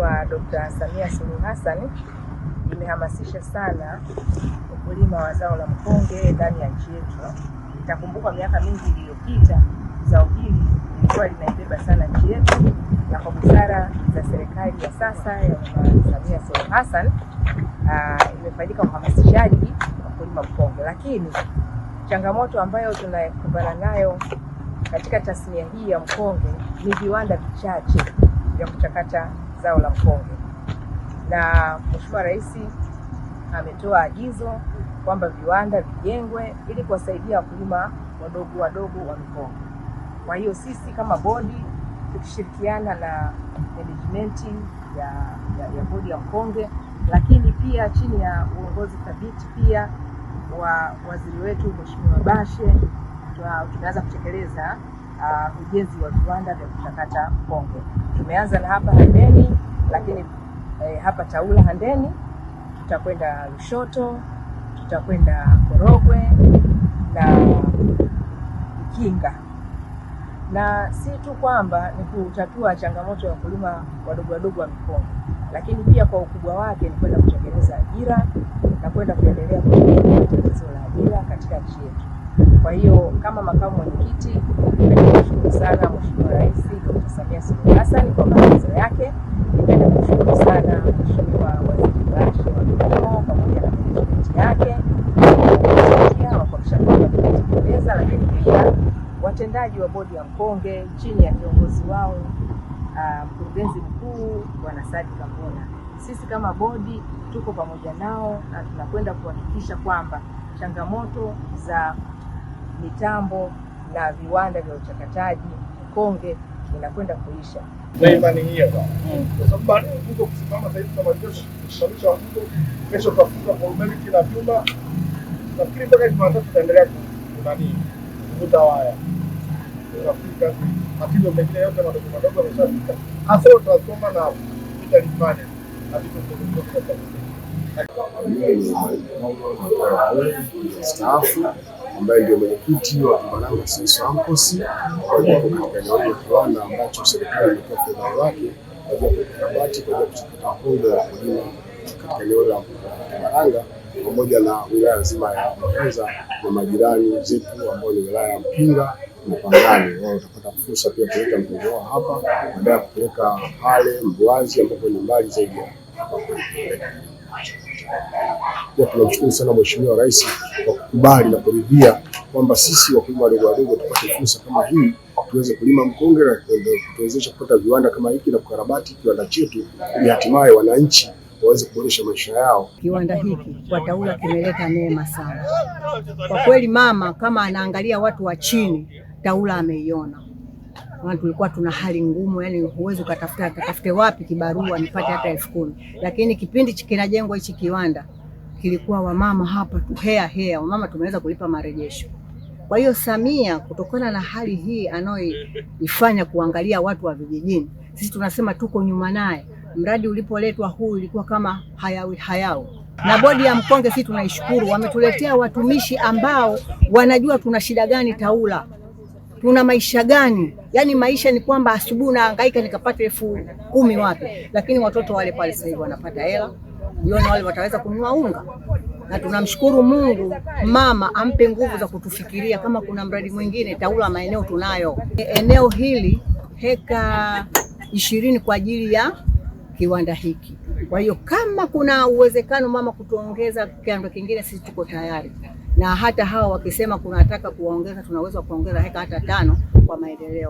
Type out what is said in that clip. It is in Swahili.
wa Dkt. Samia Suluhu Hassan imehamasisha sana ukulima wa zao la mkonge ndani ya nchi yetu. itakumbukwa miaka mingi iliyopita zao hili lilikuwa linaibeba sana nchi yetu, na kwa busara za serikali ya sasa ya Mama Samia Suluhu Hassan ah, imefanyika uhamasishaji wa kulima mkonge, lakini changamoto ambayo tunakumbana nayo katika tasnia hii ya mkonge ni viwanda vichache vya kuchakata zao la mkonge, na Mheshimiwa Rais ametoa agizo kwamba viwanda vijengwe ili kuwasaidia wakulima wadogo wadogo wa mkonge. Kwa hiyo sisi kama bodi tukishirikiana na management ya, ya, ya bodi ya mkonge, lakini pia chini ya uongozi thabiti pia wa waziri wetu Mheshimiwa Bashe tunaanza kutekeleza uh, ujenzi wa viwanda vya kuchakata mkonge. Tumeanza na hapa Handeni, lakini eh, hapa Taula Handeni tutakwenda Lushoto, tutakwenda Korogwe na Ikinga na si tu kwamba ni kutatua changamoto ya wakulima wadogo wadogo wa mikongo, lakini pia kwa ukubwa wake ni kwenda kutengeneza ajira na kwenda kuendelea kutatua tatizo la ajira katika nchi yetu. Kwa hiyo kama makamu mwenyekiti sana Mheshimiwa Rais Dr. Samia Suluhu Hassan kwa maelezo yake. Nipende kumshukuru sana Mheshimiwa Waziri Bashe wa Kilimo pamoja na management yake wa kuhakikisha kwamba tunatekeleza, lakini pia watendaji wa bodi ya mkonge chini ya kiongozi wao ah, mkurugenzi mkuu Bwana Sadi Kambona, sisi kama bodi tuko pamoja nao na tunakwenda kuhakikisha kwamba changamoto za mitambo na viwanda vya uchakataji konge inakwenda kuisha. Na imani hiyo mm. kwa sababu mtu kusimama saizi kama kesho na vyuma, nafikiri mpaka Jumatatu tutaendelea kunani kuvuta waya matizo mengine yote madogo madogo yameshafika, hasa na na vitu vingine ambaye ndio mwenyekiti wa jimbo langu SAMCOS katika eneo la kiwanda ambacho serikali imetoa fedha wake kwa ajili ya kukarabati kwa ajili ya kuchakata hongo ya kulima katika eneo la Mbaranga pamoja na wilaya nzima ya Muheza na majirani zetu ambao ni wilaya ya Mpinga na Pangani. Wao watapata fursa pia kuleta mgongo wao hapa baada ya kupeleka pale Mbwazi ambapo ni mbali zaidi ya pia tunamshukuru sana Mheshimiwa Rais kwa kukubali na kuridhia kwamba sisi wakulima wadogo wadogo tupate fursa kama hii tuweze kulima mkonge na kutuwezesha kupata viwanda kama hiki na kukarabati kiwanda chetu ili hatimaye wananchi waweze kuboresha maisha yao. Kiwanda hiki kwa Taula kimeleta neema sana kwa kweli. Mama kama anaangalia watu wa chini, Taula ameiona maana tulikuwa tuna hali ngumu, yani huwezi ukatafuta katafute wapi kibarua nipate hata elfu kumi. Lakini kipindi kinajengwa hichi kiwanda kilikuwa wamama hapa tu hea hea, wamama tumeweza kulipa marejesho. Kwa hiyo Samia, kutokana na hali hii anayoifanya kuangalia watu wa vijijini, sisi tunasema tuko nyuma naye. Mradi ulipoletwa huu ilikuwa kama hayawi hayao na bodi ya mkonge, sisi tunaishukuru, wametuletea watumishi ambao wanajua tuna shida gani Taula tuna maisha gani? Yaani maisha ni kwamba asubuhi naangaika nikapata elfu kumi wapi, lakini watoto wale pale sasa hivi wanapata hela, jioni wale wataweza kununua unga na tunamshukuru Mungu, mama ampe nguvu za kutufikiria kama kuna mradi mwingine. Taula maeneo tunayo eneo hili heka ishirini kwa ajili ya kiwanda hiki. Kwa hiyo kama kuna uwezekano mama kutuongeza kiwanda kingine, sisi tuko tayari na hata hawa wakisema kunataka kuwaongeza, tunaweza kuongeza heka hata tano kwa maendeleo.